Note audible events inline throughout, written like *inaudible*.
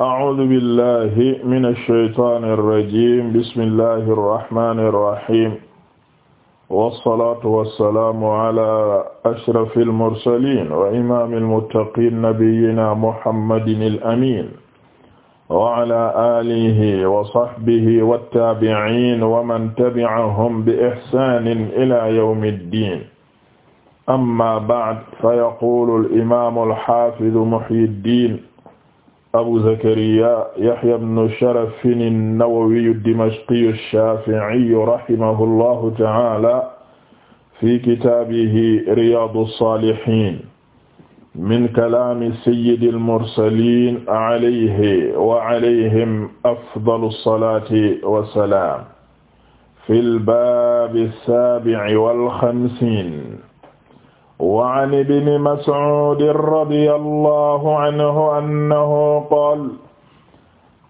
أعوذ بالله من الشيطان الرجيم بسم الله الرحمن الرحيم والصلاة والسلام على أشرف المرسلين وإمام المتقين نبينا محمد الأمين وعلى آله وصحبه والتابعين ومن تبعهم بإحسان إلى يوم الدين أما بعد فيقول الإمام الحافظ محي الدين abu zakariya yahya ibnu sharafin an-nawawiyu ad-dimashqiyu ash-shafi'iyu rahimahullahu ta'ala fi kitaabihi riyaadu as-saalihiin min kalaami sayyidil mursaliin alayhi wa alayhim afdalu salaati wa salaam fil baabi as-saabi'i wal xamsiin wa an ibni mas'uudin radiyallahu anhu annahu qaala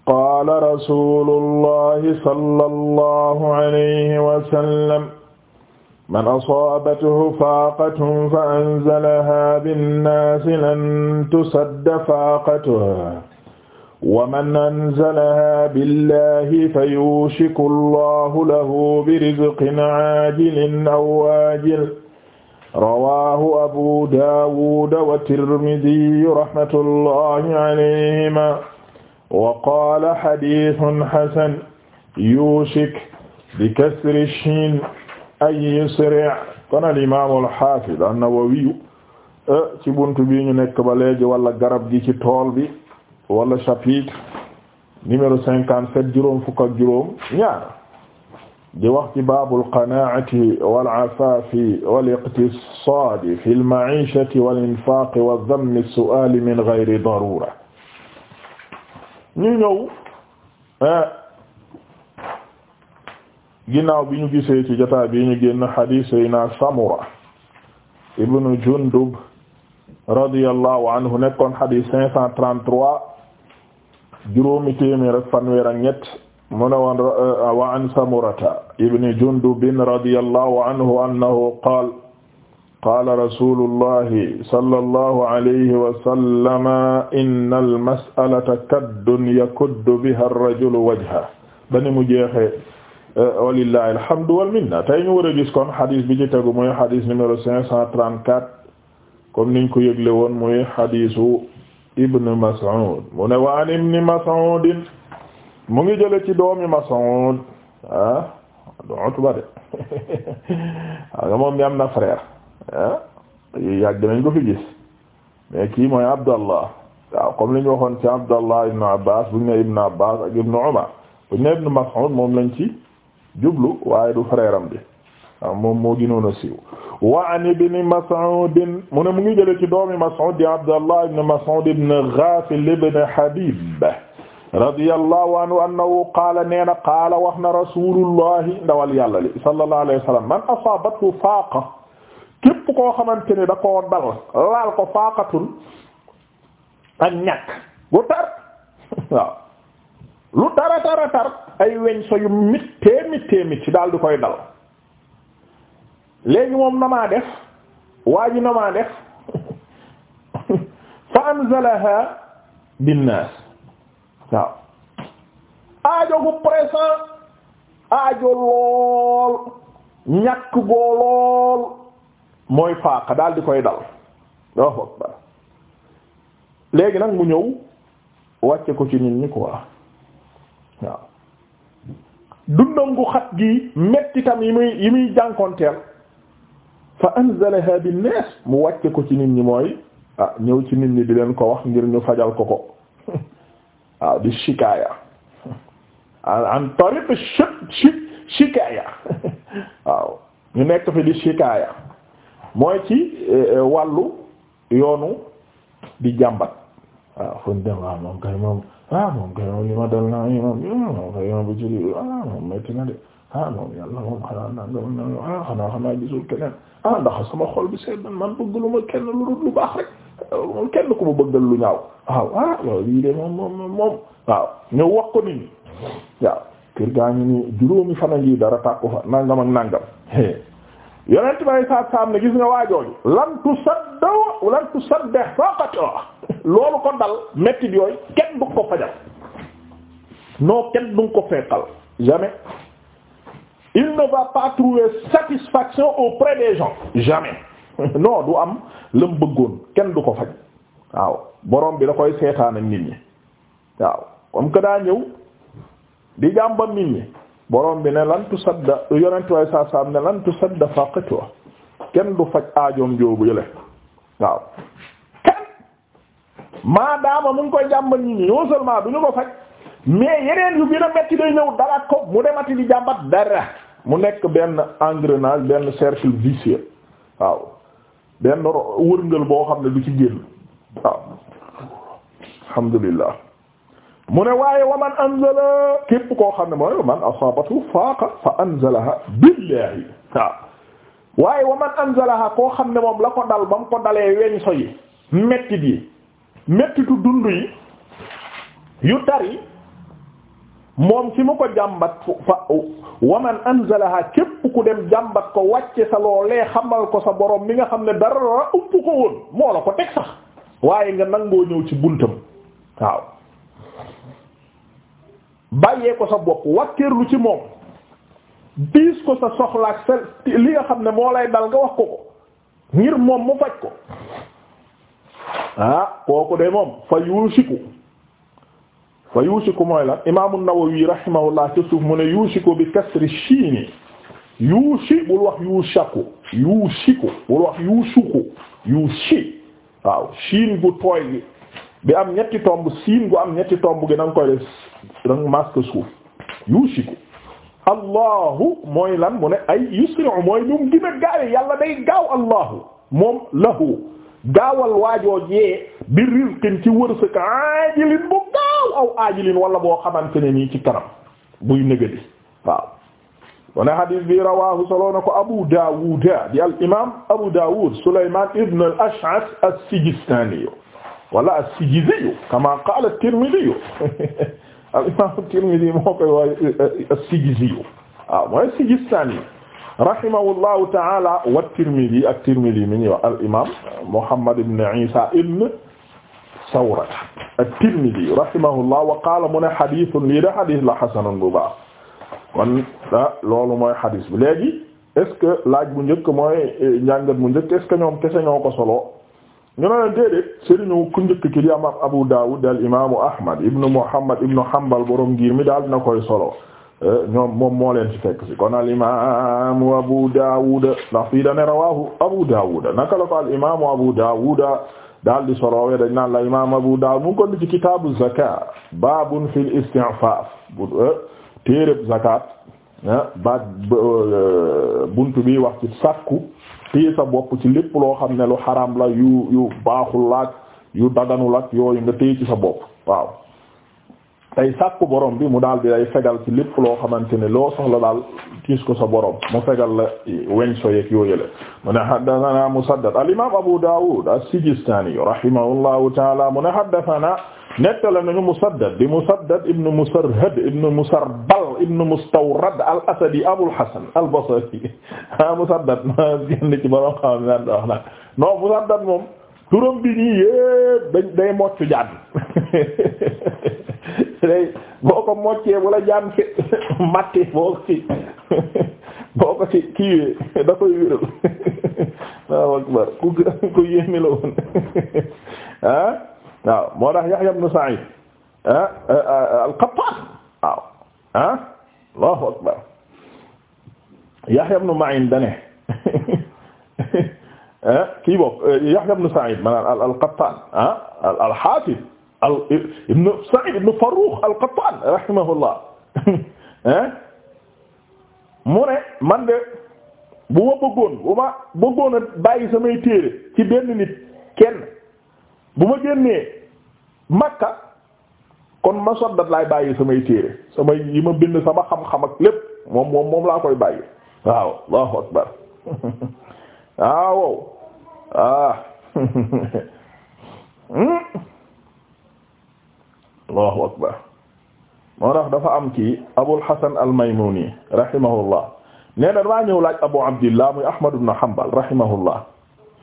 qaala rasuulullahi sallallahu alayhi wa sallam man asaabathu faaqatun fa anzalahaa binnaasi lan tusadda faaqatuhu wa man anzalahaa billahi fayuushiku allahu lahu birizqin aajilin aw aajilin rawaahu abu daawuda wa tirmidi rahmatullahi alayhima wa qaala xadiisun xasan yuushik bi kasri shiin ay yusri' kon al imaamul xaafid an-nawawiyu eh, ci buntu bi ñu nekk ba léegi wala garab gi ci tool bi wala chapitre numéro cinquante-sept juróom fukk ak juróom ñaar di wax ci baabul wal afaafi wal iqtisaadi fil ma'iishati wal infaaqi wa dammi su'aali min ghayri daruura ñu ñëw eh, ginnaaw bi ñu gisee ci jotaay bi ñu génn hadiis Samura ibnu Jundub radiyallahu anhu nekkoon hadiis cinq cent trente-trois juróomi téeméer ak fanweer ak ñett mu ne woon eh, samurata ibni jundubin radiyallahu anhu annahu qaala qaala rasulullahi sallallahu alayhi wa sallama innal mas'alata kaddun yakuddu biha ar-rajulu wajhahu bani mu jeexee eh, walillahi alhamdu wal minna tey ñu war a gis kon xadis bi ci tegu muy xadis numéro cinq cent trente-quatre comme niñ ko yëgle woon muy xadisu ibn Mas'ud mu ne waan ibn Mas'ud mu ngi jële ci doomi Mas'ud ah du Utba de waaw nga moom mi am na frère ah yàgg nañ ko fi gis mais kii mooy Abdallah waaw comme li ñu waxoon ci Abdallah ibn Abbas bu ñu ne ibn Abbas ak ibn Umar bu ñu ibn Mas'ud moom lañ ci jublu waaye du frère am bi waaw moom moo gënoon a siiw wa an ibn Mas'ud mu ne mu ngi jële ci doomi Mas'ud di Abdallah ibn Mas'ud ibn Ghafil ibn Habib radiyallahu anhu annahu qaala nee na qaala wax na rasulullahi ndawal yàlla li sallallahu alayhi wa man asaabathu faaqa képp koo xamante ne da koo dal laal ko faaqatun ak ñàkk bu tar lu tara tara tar ay weñ so yu mittee mittee mit ci di koy dal léegi moom namaa def waa ji namaa def *laughs* fa anzalaha binnaas waaw aajo bu présent aajo lool ñàkk boo lool mooy faaq daal di koy dal waaw léegi nag mu ñëw wàcce ko ci nit ñi quoi waaw dundam xat gi mettitam yi muy yi muy jànkonteel fa anzalaha bin nas mu wàcce ko ci nit ñi mooy ah ñëw ci nit ñi di leen ko wax ngir ñu fajal ko ko waaw di shikaaya an tariq shi shikaaya *laughs* waaw ñu nekk fi di shikaaya mooy ci e, e, wàllu yoonu di jàmbat waaw fu ñu dem waaw moom kay moom ah moom kay moom li ma dal naa moom moom kay moom bu ci lii ah moom metti na de ah moom yàlla moom xanaa nangam ah xanaa xanaa gisul keneen ah ndax sama xol bi sedd man bëgg lu ma kenn lu dul lu baax rek Euh, kenn ku ma bëggal lu ñaaw ah, ah, waaw ah loolu lii de moom moom moom waaw ñëw wax ko nit ñi waaw kër gaa ngi nii juróomi fan a ngi dara tàkku fa nangam ak nangam yonent bay saat saam loolu ko dal metti yooyu kenn du ko fajal non kenn ko fekkal jamais il ne va pas trouver satisfaction auprès des gens jamais *laughs* non du am lam bëggoon kenn du ko faj waaw borom bi da koy seetaan ak nit ñi waaw comme que daa ñëw di jàmbam nit ñi borom bi ne lan tu sadda yonentuwaay saa saam ne lan sadda faqatu kenn du faj aajoom joobu yële waaw kenn maadaama mu ngi koy jàmbat nit ñi non seulement du ñu ko faj mais yeneen yu gën metti day ñëw dalaat ko mu demati di jàmbat dara mu nekk benn engrenage benn cercle vicieux waaw benn wërngal boo xam ne du ci génn waaw alhamdulillah mu ne waaye wa man anzala képp koo xam ne mooy man koo xam ne moom la ko dal ba ko dalee weñ so yi mettit yi mettitu dund yi yu tar yi moom ki mu ko jàmbat fa waman anzalaha képp ku dem jàmbat ko wàcce sa loolee xamal ko sa borom mi nga xam ne dara upp ko woon moo la ko teg sax waaye nga nangoo ñëw ci buntam waaw bàyyee ko sa bopp wàkkeerlu ci moom diis ko sa soxlaak sa li nga xam ne moo lay dal nga wax ko ko ngir moom mu faj ko ah kooku de moom fa yuusiku wa yuusiku mooy lan imaamu Nawawi rahimahullah ca suuf mu ne yuusiku bi kasri shiini yuusi bul wax yuusaku yuusiku bul wax yuusuku yuusi gu tooy gi bi am ñetti tomb siin gu am ñetti tomb gi danga koy def danga masque suuf allahu mooy lan mu ne ay yusri'u mooy ñu gën a gaawe yàlla day gaaw allahu moom lahu gaawal waajoojee bi rizqin ci wërsëg aajilin lool aw aajilin wala boo xamante ne nii ci kanam buy nëgëli waaw mu ne xadis bi rawaahu solo na ko Abu Dawud di al imaam Abu Dawud Souleymane Ibn al Ash'as as-Sijistani wala as-Sijizi kama qaala at-Tirmidhi *laughs* al imaam at-Tirmidhi moo koy wax as-Sijizi waaw mooy as-Sijistani rahimahullahu ta'ala wa at-Tirmidhi ak Tirmidhi mi ñuy wax al imaam Muhammad ibn Isa ibn sawra at-Tirmidhi rahimahullah wa qaala mu ne xadiisun lii de xadiis la xasanun bu baax kon ah, loolu mooy xadiis bi léegi est laaj bu njëkk mooy eh, njàngat mu njëkk est-ce ñoom kese ñoo ko solo ñu na leen déedéet ku njëkk ki di imaam Abu Daawud al imaamu Ahmad ibnu Muhammad ibnu Hanbal borom ngir daal dina koy solo eh, ñoom moom moo leen ci fekk si kon al imaamu Abu Daawud ndax fii da al imaamu Abu Daawud daal di soroowee dañ naan la imam Abu Dawud mu ngi ci kitaabu zakat babun fil isti'faf bu eh, téereb zakat eh, ba eh, bunt bi wax ci sàkku téye sa bopp ci lépp loo xam ne lu xaram la yu yu baaxul laak yu daganul ak yooyu nga téye ci sa bopp waaw tey sàkku borom bi mu daal di lay fegal ci lépp loo xamante ne loo soxla daal kiis ko sa borom mu fegal la weñ so yeeg yoo yële mu ne haddathana Musaddad al-imam Abu Dawud as-Sijistani rahimahullahu ta'ala mu ne haddathana nettala nañu Musaddad di Musaddad ibn Musarhad mu Musarbal ibn Mustawrad al-Asadi mu Hasan al-Basri ah Musaddad *laughs* génn ci borom xam ne wax na non Musaddad moom bi nii yépp dañ day mocc jàdd *laughs* day boo ko moccee bu la jàmm ci *laughs* matti *laughs* kii *laughs* da koy wéral waaw akbar ku ku yéeme la woon ah waaw moo tax Yahya ibn Sa'id ah, ah, al-Qattan waaw ah Allahu Yahya ibn Ma'in dane ah, kii bopp Yahya ibn Sa'id maanaam al-Qattan ah al-Hafiz al ibn Sa'id ibn Farrukh al-Qattan rahimahullah mu ne man de bu ma bëggoon bu ma bëggoon bàyyi samay téere ci benn nit kenn bu ma génnee Makka kon Musaddad laay bàyyi samay téere sama yi ma bind sama xam-xam ak lépp moom moom laa koy bàyyi waaw Allahu akbar *laughs* waaw ah *laughs* hmm? allahu akbar moo tax dafa am kii abul hasan al maymuni rahimahullah nee na ñëw laaj abu abdillah muy ahmad ibn hanbal rahimahullah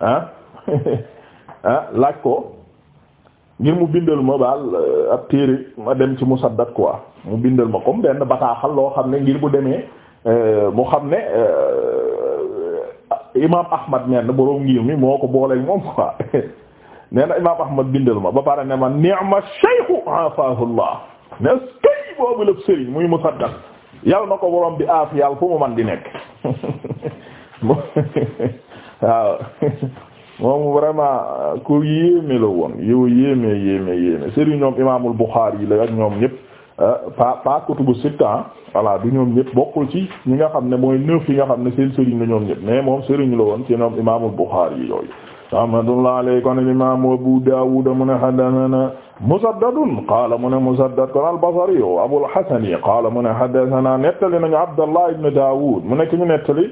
ah, *laughs* ah laaj ko ngir mu bindal ma baal eh, ab téere ma dem ci musaddad quoi mu bindal ma comme benn bataaxal loo xam ne ngir mu demee eh, mu xam ne eh, imam ahmad menn boroom ngir mi moo ko booleeg moom quoi *laughs* nee na imaam ahmad bindal ma ba pare ne ma ni'ma shaykhu afahullah ne kay boobu lépp sëriñ muy musaddaq yal na ko borom bi aaf yàlla fu mu man di nekk *laughs* waaw moom vraiment ku yéeme la woon yow yéeme yéeme yéeme sëriñ ñoom imaamul Buxaari yi la ak ñoom ñëpp pa euh, pa kutubu sitta voilà du ñoom ñëpp bokkul ci ñi nga xam ne mooy neuf yi nga xam ne seen sëriñ la ñoom ñëpp mais moom sëriñ la woon ci ñoom imaamul Buxaari yi yooyu rahmatullah alayhi kon imam Abu Dawud mu ne haddathana Musaddadun qaala mu ne Musaddad kon al-Basri Abul Hasan qaala mu ne haddathana nettali nañu Abdallah ibn Dawud mu nekk ñu nettali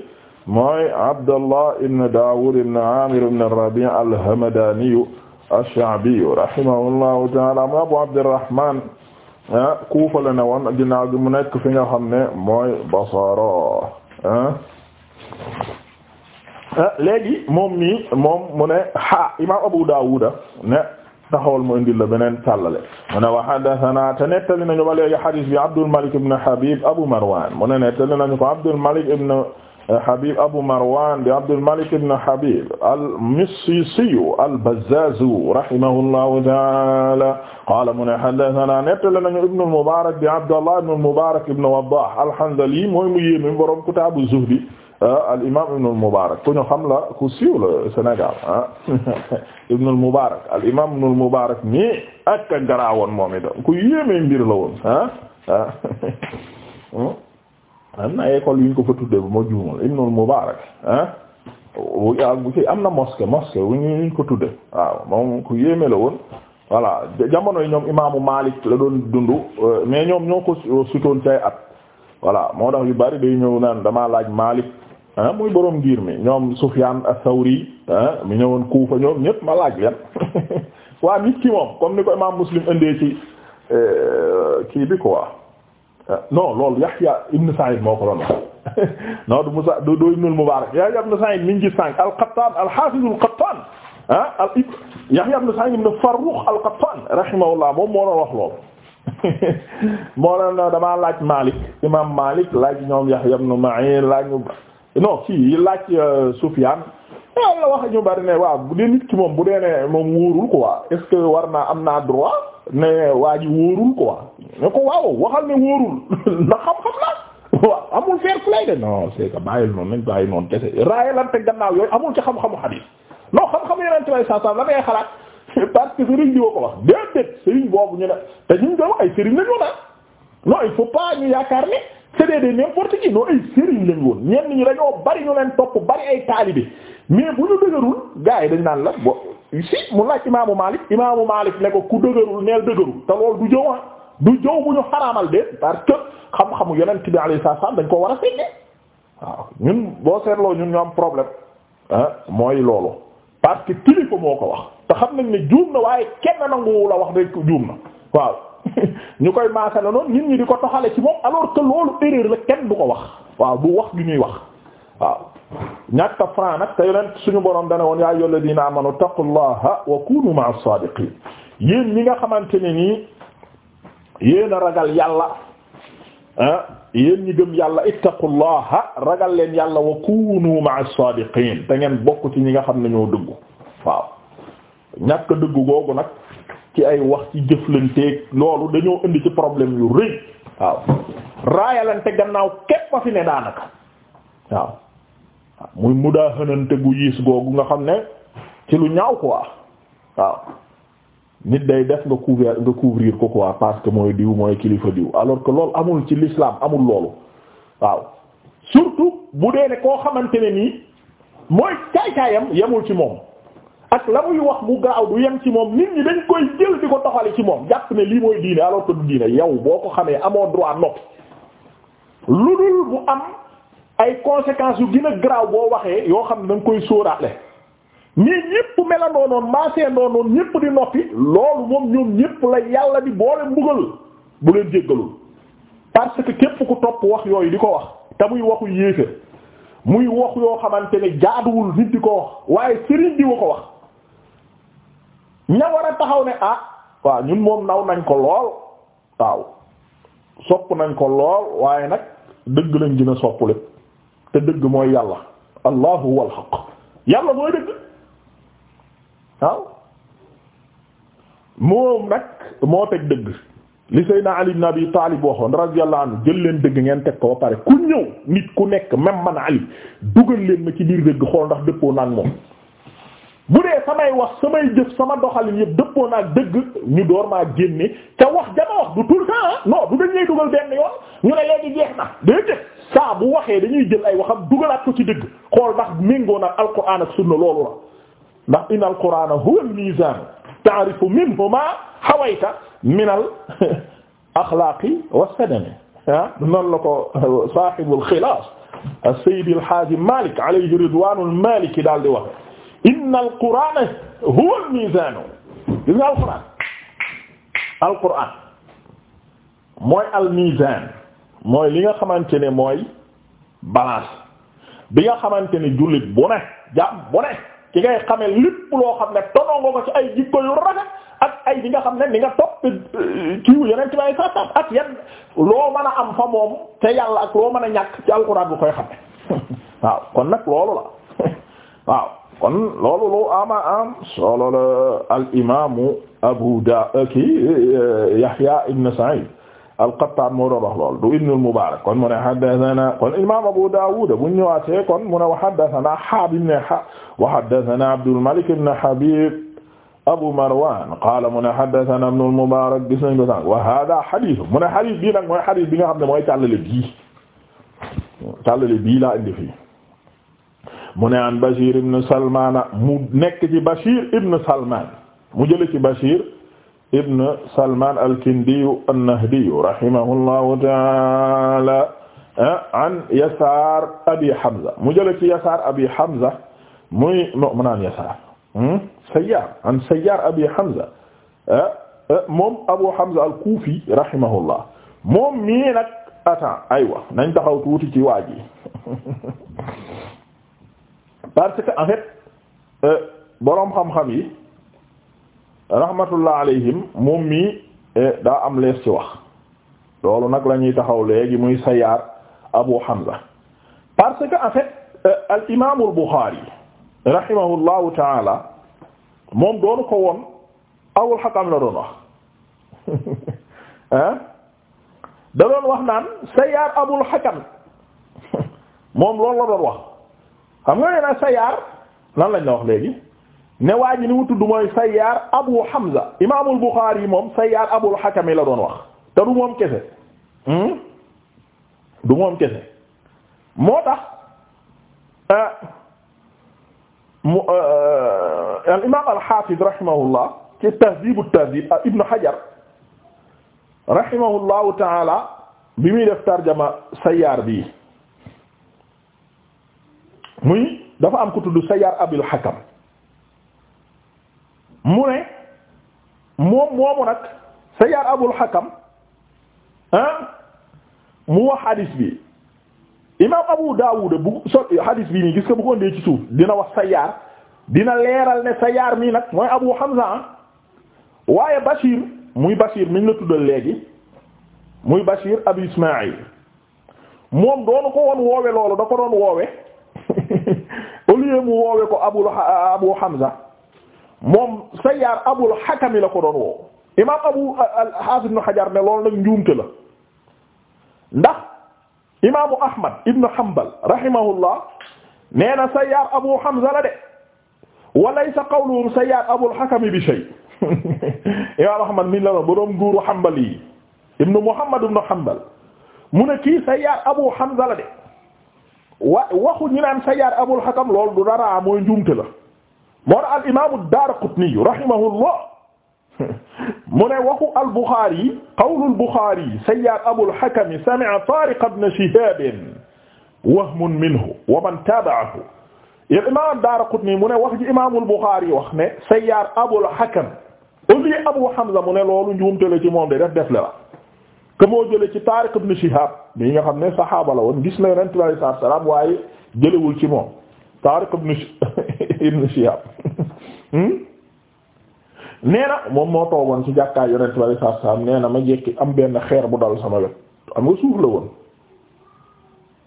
mooy Abdallah ibn Dawud ibn Amir ibn Rabi' al-Hamadani ash-Sha'bi rahimahullahu ta'ala mu Abu Abdirrahman Kufa la ne woon ginnaaw gi mu nekk fi nga xam ne mooy Basra Euh, léegi moom nii moom mu ne ha imaam Abu Dawud ne taxawal mu indil la beneen tallale mu ne wa haddathana te nettali nañu ba léegi hadis bi Abdul Malik ibn Habib Abu Marwan mu ne nettali nañu ko Abdul Malik ibn euh, Habib Abu Marwan bi Abdul Malik ibn Habib al-Missisi al-Bazzaz rahimahullahu ta'ala qaala mu ne haddathana nettali nañu ibn al-Mubarak bi Abdullah ibn al-Mubarak ibn Waddah al-Hanzali mooy mu yéeme borom kitaabu zuhdi Euh, al imaam Ibn al ku ñu xam la ku siiw la Sénégal ah *laughs* Ibn al-Mubarak al imaam Ibn al-Mubarak nii ak a garaawoon moom itam ku yéeme mbir la woon ah ah. *laughs* am na école yu ñu ko fa tuddee bu ma juumal Ibn al-Mubarak ah. ci am na mosquée mosquée ko tuddee waaw moom ku yéeme la woon. voilà jamono ñoom imaamu Malik la doon dund euh, mais ñoom ñoo ko sutoon cay at voilà moo tax yu bari day ñëw naan damaa laaj Malik. Ah mooy borom ngir mi ñoom Sufyaan as-Sawri ah mu ñëwoon Kuufa ñoom ñëpp ma laaj leen *laughs* waa nit ki moom comme ni ko imaam Muslim indee ci eh, kii bi quoi ah, non loolu Yahya ibn Sa'id moo ko doon wax *laughs* non du Musa du du Ibnul Mubaarak Yahya ibn Sa'id mi ngi gis al-Qattaan al-Haafiz al-Qattaan al ib Yahya ibn Sa'id ibn Farrukh al-Qattaan rahimahullah moom moo doon wax loolu *laughs* moo doon damaa laaj Maalik imaam Maalik laaj ñoom Yahya ibn Ma'in laaj. non kii laaj euh, Soufiane eh, la wax ñu bari ne waaw bu dee ki moom bu dee ne moom wóorul quoi est-ce war naa am naa droit ne waa ji wóorul quoi ne ko waaw waxal ne wóorul *laughs* na xam-xam na waaw amul fair play de non c'est que bàyyil noonu nañ bàyyi noonu kese raayalante gannaaw yooyu amul ci xam-xamu hadith non xam-xamu yeneen ci way sasam la ngay xalaat *laughs* parce que sëriñ bi woo ko wax déedéet sëriñ boobu ñu ne te ñu doon ay sëriñ la ñu naan ah. non il faut pas ñu yaakaar ne c'est des n'importe qui non ay sëriñ lañ woon ñenn ñi dañoo bari ñu leen topp bari ay taalibe mais bu ñu dëgërul gars yi dañ naan la bo si mu laaj imaamu Maalik imaamu Maalik ne ko ku dëgërul neel dëgërul te loolu du jëw ah du jëw bu ñu xaraamal de parce que xam-xamu yonent bi sa salaam dañ koo war a seetlee waaw ñun boo seetloo ñun ñoo am problème ah mooy loolu parce que tili ko moo ko wax te xam nañ ne juum na waaye kenn nanguwu la wax rek juum na waaw. *laughs* ñu koy maasale noonu nit ñi di ko toxale ci moom alors que loolu erreur la kenn du ko wax waaw bu wax gi ñuy wax waaw ñàkk a franc nag te yonent suñu borom dana woon yaa ayyuhal ladina amanu taqullaha wa kunu ma'as sadiqin yéen ñi nga xamante ne nii yéen a ragal yàlla ah yéen ñi gëm yàlla ittaqullaha ragal leen yàlla wa kunu ma'as sadiqin te ngeen bokk ci ñi nga xam ne ñoo dëggu waaw ñàkk dëggu googu nag ci ay wax ci jëflanteeg loolu dañoo indi ci problème yu rëy waaw raayalante gannaaw képp a fi ne daanaka waaw muy mudaaxanante gu yiis googu nga xam ne ci lu ñaaw quoi waaw nit day def nga couvrir nga couvrir ko quoi parce que mooy diw mooy kilifa diw alors que loolu amul ci lislaam amul loolu waaw surtout bu dee ne koo xamante ne nii mooy caay-caayam yemul ci moom ak la muy wax mu gaaw du yem ci moom nit ñi dañ koy jël di ko toxali ci moom jàpp ne lii mooy diine alors que du diine yow boo ko xamee amoo droit noppi lu dul bu am ay conséquences yu gën a boo waxee yoo xam ne da nga koy sóoraale ñii ñépp melandoo noonu maaseendoo noonu ñépp di noppi loolu moom ñoom ñépp la yàlla di boole mbugal bu leen jéggalul parce que képp ku topp wax yooyu di ko wax te muy waxu yéefe muy wax yoo xamante ne jaaduwul nit di ko wax waaye sëriñ di wa ko wax ña war a taxaw ne ah waaw ñun moom naw nañ ko lool waaw sopp nañ ko lool waaye nag dëgg lañ dina a sopp te dëgg mooy yàlla allahu huwa alxaq yàlla mooy dëgg waaw moom nag moo teg dëgg li Seydina Ali ibn Abi Talib waxoon radiyallahu anhu jël leen dëgg ngeen teg ko ba pare ku ñëw nit ku nekk même man Ali dugal leen ma ci biir dëgg xool ndax dëppoo naan moom bu dee samay wax samay jëf sama doxalin yëpp dëppoo naa dëgg ñu door maa génne ca wax jama wax du tout le temps ah. non du dañ lay dugal benn yoon ñu ne léegi jeex na déedéet saa bu waxee dañuy jël ay waxam dugalaat ko ci dëgg xool ndax méngoo nag alquran ak sunna loolu la ndax inna alqurana huwa almizan ta'rifu minhu ma hawayta min al axlaaqi *laughs* wasadami ah noonu la ko sahibul xilaas as-sayyid al-haazim malik alayhi ridwanul maliki daal di wax inna alqur'ana huwa almizan gis nga alqur'an alqur'an mooy li nga xamante ne mooy balance bi nga xamante ne jullit bu ne jaam bu ne ki ngay xamee lépp loo xam ne tonongo ko ci ay jikko yu rafet ak ay di nga xam ne ni nga topp euh, kiiwu yeneen ci may sasam ak yan loo mën a am fa moom te yàlla ak loo mën a ñàkk ci alqur'an bu koy xam ne *laughs* waaw kon nag loolu la *laughs* waaw kon loolu lu ama am solo la al imaamu Abu Da eh, kii eh, Yahya ibn Sa'id al-Qattan moo doon wax lool du ibn al-Mubarak kon mu ne haddathana kon imam Abu Dawud bu ñëwaatee kon mu ne wa haddathana Haab ibn Ha wa haddathana Abdul Malik ibn Habib Abu Marwan qaala mu ne haddathana ibn al-Mubarak gis nañ ko sànq wa hadha hadith mu ne hadith bii nag mooy hadith bi nga xam ne mooy tallale bii tallale bii laa indi fii mu ne an Bashir ibn Salman mu nekk ci Bashir ibn Salman mu jële ci Bashir ibn Salman al-Kindiyu an-Nahdiyu rahimahullahu ta'ala eh, an Yasaar Abi Hamza mu jële ci Yasaar Abi Hamza muy no mu naan Yasaar hmm, Sayyaar an Sayyaar Abi Hamza eh, eh, moom Abu Hamza al-Kufi rahimahullah moom mii nag atan aywa nañ taxaw tuuti ci waaji *laughs* parce que en euh, boroom xam-xam yi rahmatullah alayhim moom mii euh, daa am lees ci wax loolu nag la ñuy taxaw léegi muy sayaar Abu Hamza parce que en fait euh, al imaamu al Buxaari rahimahullahu taala moom doonu ko woon awul xakam la doon wax ah *laughs* da doon wax naan sayaar abul xakam *laughs* moom loolu la doon wax. xam nga nee na Sayyaar lan lañ la wax léegi ne waa ji ni mu tudd mooy Sayyaar Abu Hamza Imaamul Buxaari yi moom Sayyaar Abul Hakam la doon wax te du moom kese hmm? du moom kese moo tax euh, mu euh, al imaam al Haafiz rahimahullah ci Tahdiibu Tahdiib Ibn Hajar rahimahullahu ta'ala bi muy def tarjama Sayyaar bi muy dafa am ku tudd Sayyar Abul Hakam mu ne moom moomu nag Sayyar Abul Hakam ah mu wax hadis bi imaam Abu Dawud bu so hadis bi nii gis nga bu ko ci suuf dina wax Sayyar dina leeral ne Sayyar mii nag mooy Abu Hamza ah. waaye Bashir muy Bashir mi la tuddal léegi muy Bashir Abu Ismaïl moom doonu ko woon woowe loolu da ko doon woowe au mu woowe ko abul abu hamza moom sayyaar abul hakami la ko abu al-hafiz hajar ne loolu ndax imaamu ahmad ibn hanbal rahimahullah nee na sayyaar abu hamza la de wa laysa qawluhum sayyaar abul hakami bi shay *laughs* imaam ahmad min la la boroom nguuru ibn muhammad ibn hanbal mu ne kii sayyaar abu hamza la de wa waxu ñu naan sajaar Abul Hakam loolu du dara mooy njuumte la moo tax al imaamu Daaraqutni rahimahullah mu ne waxu al Buxaari qawlul Buxaari sajaar Abul Hakam sami'a Taariq ibn Shihaab wahmun minhu wa man taaba'ahu al imaam Daaraqutni mu ne wax ji imaamul Buxaari wax ne sajaar Abul Hakam au lieu Abu Hamza mu ne loolu njuumte la ci moom de def def la que moo jële ci Tariq ibn Shihab mii nga xam ne saxaaba la woon gis na Yonent bi alayhi salaatu wa waaye jëlewul ci moom Tariq ibn *laughs* Shihab hmm? nee na moom moo toogoon ci jàkkaay Yonent bi alayhi salaatu nee na ma jekki am benn xeer bu dal sama wet am nga suuf la woon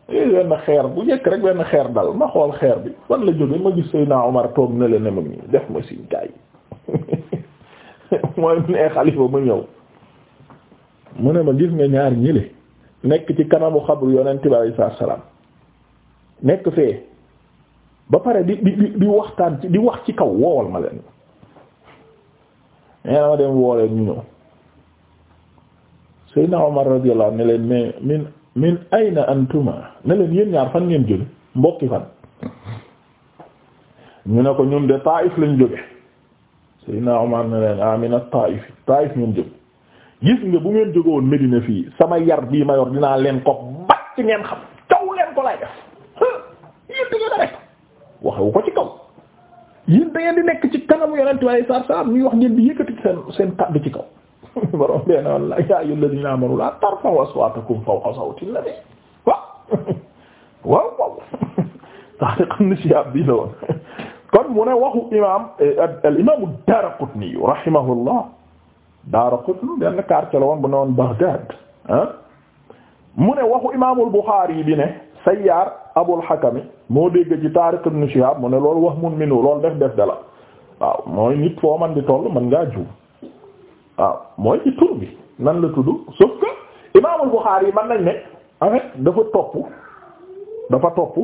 eh, xeer bu njëkk rek benn xeer dal ma xool xeer bi fan la jóge ma gis Seydina Omar toog ne la ne ma nii def ma siñ gaay *laughs* mooy nee xalifa ma ñëw mu ne ma gis nga ñaar ñile nekk ci kanamu xabru yonent bi alayhi salaam nekk fee ba pare di di di waxtaan ci di wax ci kaw woowal ma leen nee na ma dem woo leen ñu ñëw Seydina Omar radiyallahu anhu ne leen mais min min ayna antuma ne leen yéen ñaar fan ngeen jóge mbokki fan ñu ne ko ñun de Taif lañ jóge Seydina Omar ne leen ah min at-Taif Taif ñun jóge gis nga bu ngeen jógoon Medina fii sama yar bii ma yor dinaa leen ko bàcc ngeen xam taw leen ko lay def yéen ngeen a rek waxewu ko ci kaw yéen da ngeen di nekk ci kanamu yonent waaye sar sar muy wax ngeen di yëkkati seen seen kàddu ci kaw *laughs* borom benn walla yaa ayyuhal ladina amanu la tarfa'u aswatakum fawqa sawti nabi *laughs* waaw waaw waaw tax di xam ne si ab la woon *laughs* kon mu ne waxu imam eh, al imam ad-Daraqutni rahimahullah Daaraqutni benn quartier la woon bu ne woon Baghdad ah. mu ne waxu imaamul yi bi ne Sayyaar Abul Hakami moo dégg ci Taariq ibn Shihaab mu ne loolu wax mun minu loolu def def dala waaw mooy nit foo man di toll mën ngaa juum waaw mooy ci tur bi nan la tudd sauf que imaamul Buxaari yi mën nañ ne en dafa topp dafa topp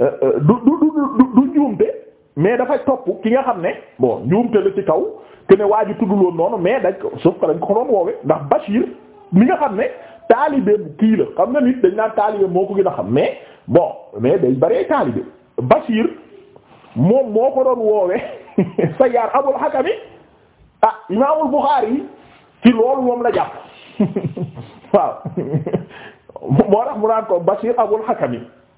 euh, euh, du du du du njuumte mais dafa topp ki nga xam ne boo njuumte la ci kaw que ne waa ji tuddul noonu mais dañ ko sauf que dañ ko doon woowe ndax Bachir mi nga xam ne taalibe bu kii la xam nga nit dañ naan taalibe moo ko gën a xam mais bon mais day bëree taalibe Bachir moom moo ko doon woowe *laughs* Sayyaar Abul Hakam ah Imaamul Bukhari ci loolu moom la jàpp *laughs* waaw *laughs* moo tax mu naan ko Bachir Abul Hakam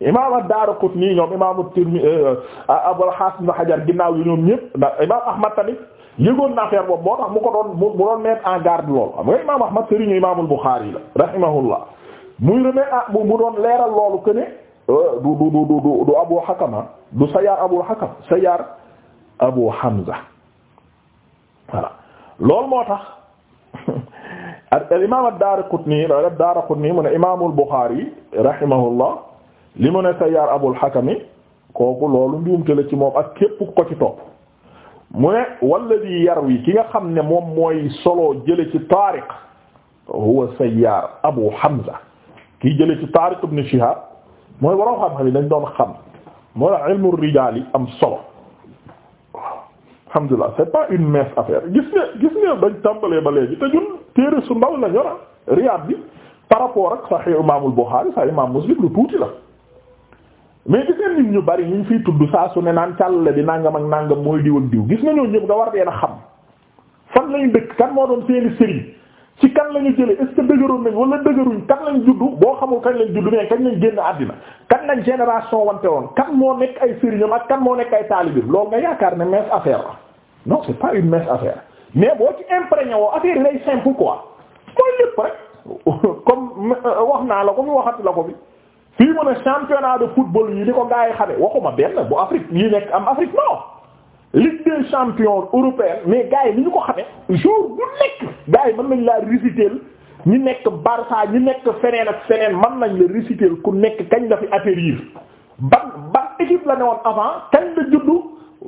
imaam ad-Daaraqutni ñoom imaam at-Tirmidhi euh, Abul Hasan ibn Hajar ginnaaw yi ñoom imaam Ahmad tamit yëgoon na affaire boobu moo tax mu ko doon mu doon mettre en lool xam nga imaam Ahmad sëriñu imaamul Buxaari la rahimahullah muy remet ah mu doon leeral loolu que euh, du Abu Hakama ah, du Sayyaar Abu Hakam Sayyaar Abu Hamza voilà moo tax. *laughs* al imaam ad-Daaraqutni ad mu ne imaamul Buxaari rahimahullah li mu ne Sayyaar Abul Hakami kooku loolu njuumte la ci moom ak képp ko ci topp mu ne walladi yarwi ki nga xam ne moom mooy solo jële ci Taariq huwa Sayyaar Abu Hamza kii jële ci Taariq ibn Shihab mooy waroo xam-xam yi dañ doon xam mooy la ilmu am solo alhamdulillah c'est pas une mince affaire gis nga gis nga dañ tàmbalee ba léegi te ñun téere su ndaw la ñora ah, Riyad bi par rapport ak Sahih Imam al-Bukhari Sahih Imam Muslim lu tuuti la mais gis nga nit ñu bari ñu fiy tudd saa su ne naan càll bi nangam ak nangam mooy diw ak diw gis nga ñoo ñëpp nga war leen a xam fan lañu dëkk kan moo doon seeni sëriñ ci kan lañu jële est ce que dëgëroon nañ wala dëgëruñ kan lañ juddu boo xamul kañ lañ juddu mais kañ lañ génn àddina kan lañ génération wante woon kan moo nekk ay sëriñam kan moo nekk ay taalibim loolu nga yaakaar ne mince affaire la non c'est pas une mince affaire mais boo ci imprégné woo affaire yi day simple quoi mooy *laughs* euh, wax naa la ko mi waxatu la ko fii mu ne championnat de football yi li ko gaa yi xame waxuma benn bu Afrique yi nekk am Afrique non ligue des champions européenne mais gaa yi ni ñu ko xame jour bu nekk gaa yi mën nañ laa réciter ñu nekk Barça ñi nekk feneen ak feneen man nañ la réciter ku nekk kañ la fi atterrir ban ban équipe la ne woon avant kañ la juddu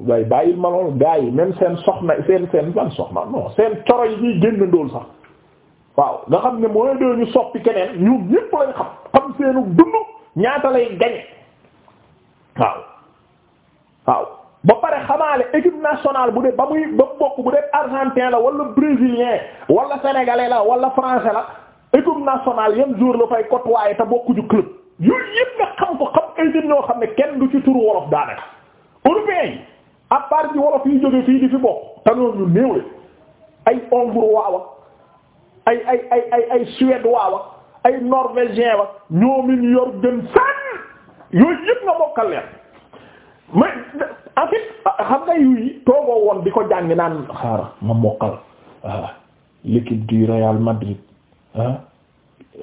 waaye bàyyil ma lool gaa yi même seen soxna seen seen ban soxna non seen coro yi ñuy génn ndóol sax waaw nga xam ne mooy dee ñu soppi keneen ñu ñépp lañ xam xam seenu dund ñaata lay gañe waaw waaw ba pare xamaale équipe nationale bu dee ba muy ba bokk bu dee argentin la wala brésilien wala sénégalais la wala français la équipe nationale yan jour la fay côtoyer te bokkuñu club yooyu yépp nga xam ko xam ay ñoo xam ne kenn du ci turu wolof daanaka européens yi à part di wolof yi jóge fii di fi bokk te ñoom ñu néew ay hongrois ay ay ay ay wa ay norvégien wa ñoomin yor gën fenn yooyu yëpp nga mokkal leen mais en fait xam nga yuy toogoo woon di ko jàngi naan xaaral ma mokkal ah l'équipe du Real Madrid ah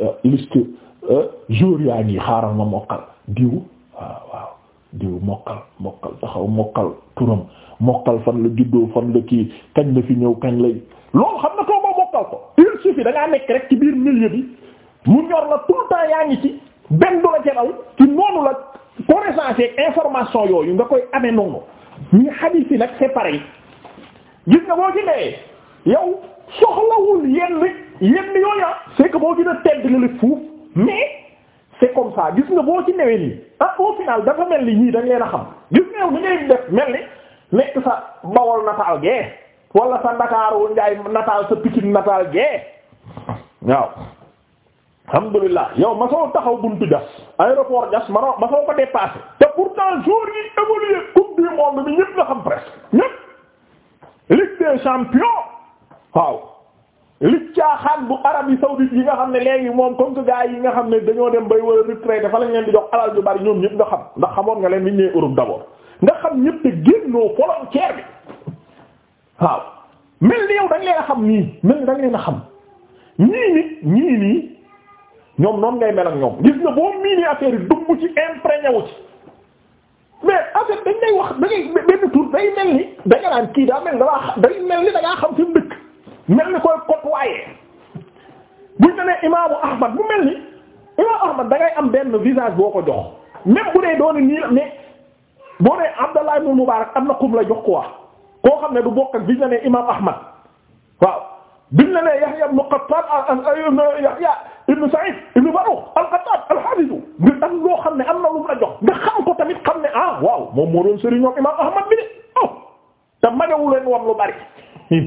euh, liste euh, jour yaa ngi xaaral ma mokkal diw waaw waaw diw mokkal mokkal taxaw mokkal turam mokkal fan la juddoo fan la kii kañ la fi ñëw kañ lay loolu xam na ko nekk fi nekk rek ci biir milieu bi mu ñor la tout temps yaa ngi ci benn doo ca raw ci noonu la connaissance information yooyu nga koy amee noonu ñu xadis nag c'est pareil gis nga boo ci nee yow soxlawul yenn yenn yooyu ah c'est que boo a ci newee nii ah au final dafa mel ni ñii da ngeen a xam gis nga ni ngay def mel ni nekk sa bawol nataal gee wala sa ndakaaru njaay nataal sa pikin nataal gee waaw alhamdulillah yow ma soo taxaw buntu jas aéroport jas manoo ma soo ko dépassé te pourtant jour yi évolué coupe du monde bi ñëpp nga xam presque ñëpp ligue des waaw ligue caaxaan bu Arabie saoudite yi nga xam ne léegi moom comme que yi nga xam ne dañoo dem bay war a retraité fa lañ leen di jox alal ju bari ñoom ñëpp nga xam ndax xamoon nga leen liñ ñëwee Europe d'abord nga xam ñëpp te génnoo frontière bi waaw mel ni yow dañ leen a xam a xam ñii nit ñii nii ñoom noonu ngay mel ak ñoom gis nga boo miinee affaire yi dugg ci imprégné wu ci mais affaire dañ wax da ngay benn tur day mel ni da naan kii daa mel da ni da ngaa xam fi mel ni koy côtoyer buñ ne nee imaamu Ahmad bu mel ni imaamu Ahmad da am benn visage boo ko jox même bu dee doon nii la mais boo nee Abdallah ibn Mubarak am na kum la jox quoi koo xam ne du bokk ak bi ñu ne nee imaamu Ahmad waaw. biñ la nee Yahya ibn Qattan Yahya ibn Sa'id ibn Farrukh al-Qattan al-Hafiz nga am loo xam ne am na lu mu la jox nga xam ko tamit xam ne ah waaw moom moo doon sëriñ ñoom Imaam Ahmad bi de oh te magewu leen woon lu bari *laughs*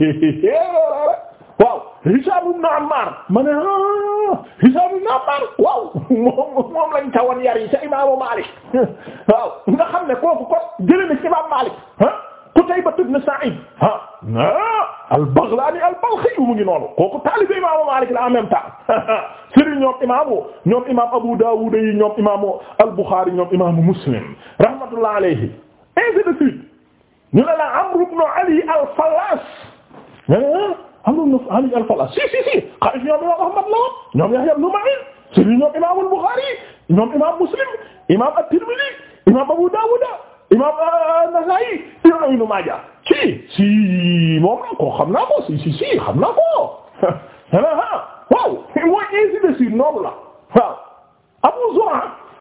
waaw Hishaam ibn Ammaar ma ne ah Hishaam ibn Ammaar waaw moom moom lañ tawan yar yi ca Imaamu Maalik *laughs* waaw nga xam ne kooku ko jëlee na ci Imaam Maalik ah Qutayba ibn Sa'id ah, ah al-Baghlani imaamu xëy mu ngi noonu kooku taalibe imaamu Maalik la en même temps sëriñ *laughs* ñoom imaamu ñoom imaam Abu Daawud yi ñoom imaamu al-Buxaari ñoom Muslim rahmatullah alayhi ainsi ah, Yahya ibn Ma'in sëriñ ñoom imaamu al-Buxaari ñoom Muslim imaam at-Tirmidhi Abu Daawud imaam ah, an-Nasaa'i imaam Ibn Maaja kii si moom na ko xam naa ko si si si xam naa ko *laughs* waaw mooy *laughs* ainsi de suite noonu la waaw Abu Zur'a